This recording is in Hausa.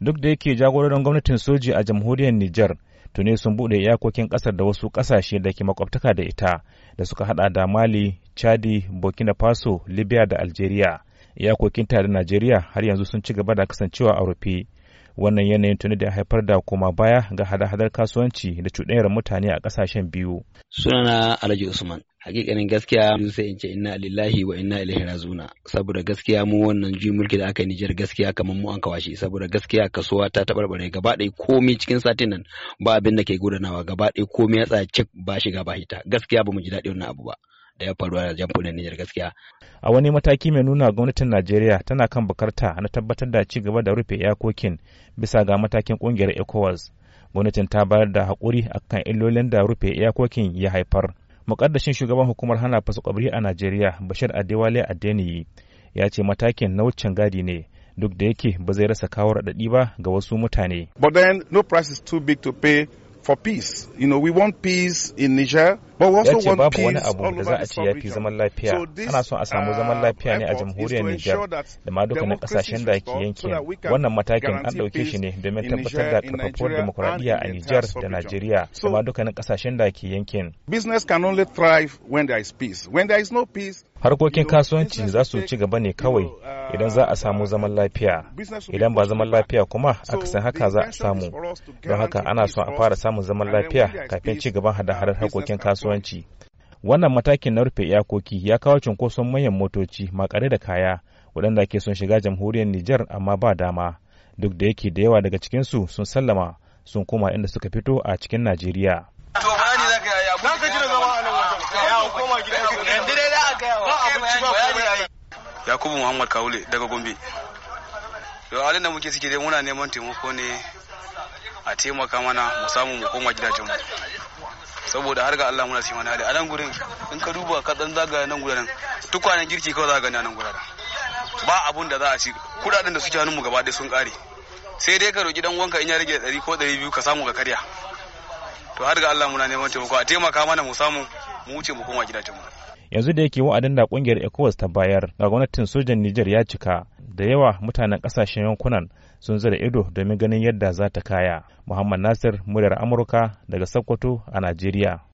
duk da yake jagororin gwamnatin soji a jamhuriyar Nijar tuni sun buɗe iyakokin ƙasar da wasu ƙasashe da ke makwabtaka da ita da suka hada da Mali, Chadi, Burkina Faso, Libya da Algeria. Iyakokin tare Najeriya har yanzu sun ci gaba da kasancewa a rufe wannan yanayin tuni da haifar da koma baya ga hada-hadar kasuwanci da cuɗanyar mutane a ƙasashen biyu. Sunana Alhaji Usman. Hakikanin gaskiya mun sai in ce inna lillahi wa inna ilaihi razuna saboda gaskiya mu wannan juyin mulki da aka yi Nijar gaskiya kamar mu an kawashi saboda gaskiya kasuwa ta tabarbare gaba ɗaya komai cikin satin nan ba abin da ke gudanawa gaba ɗaya komai ya tsaya cik ba shiga ba hita gaskiya ba mu ji daɗi wannan abu ba. da ya faru a jamhuriyar Nijar gaskiya. A wani mataki mai nuna gwamnatin Najeriya tana kan bukarta na tabbatar da ci gaba da rufe iyakokin bisa ga matakin kungiyar ECOWAS. Gwamnatin ta bayar da haƙuri akan illolin da rufe iyakokin ya haifar. Mukaddashin shugaban hukumar hana fasakwabri a Najeriya Bashir Adewale Adeniyi ya ce matakin na wucin gadi ne duk da yake ba zai rasa kawo raɗaɗi ba ga wasu mutane. But then no price is too big to pay for peace. You know, we want peace in Niger. ya ce babu wani abu da za a ce ya fi zaman lafiya ana son a samu zaman uh, lafiya ne a jamhuriyar nijar da ma dukkanin kasashen da ke yankin wannan matakin an ɗauke shi ne domin tabbatar da karfafuwar demokuraɗiyya a nijar da najeriya da ma dukkanin kasashen da ke yankin harkokin kasuwanci za su ci gaba ne kawai uh, idan za a samu zaman lafiya idan ba zaman lafiya kuma aka san haka za a samu don haka ana son a fara samun zaman lafiya kafin ci gaban hada-hadar harkokin kasuwanci kasuwanci wannan matakin na rufe iyakoki ya kawo cunkoson manyan motoci makare da kaya waɗanda ke son shiga jamhuriyar Nijar amma ba dama duk da yake da yawa daga cikinsu sun sallama sun koma inda suka fito a cikin Najeriya. Yakubu Muhammad Kawule daga Gombe. Yau halin da muke suke dai muna neman taimako ne a taimaka mana mu samu mu koma gidajenmu. saboda har ga Allah muna sai wani hali a nan gurin in ka duba ka dan zaga nan gurin tukwanen girki kawai zaga nan gurin ba abun da za a ci kudaden da suke hannunmu gaba ɗaya sun kare sai dai ka roki dan wanka in ya rage 100 ko 200 ka samu ka karya to har ga Allah muna neman taimako a taimaka mana mu samu mu wuce mu koma mu. yanzu da yake wa'adin da kungiyar ECOWAS ta bayar ga gwamnatin sojan niger ya cika da yawa mutanen kasashen yankunan sun zada ido domin ganin yadda za ta kaya. Muhammad Nasir, muryar Amurka daga Sokoto a Najeriya.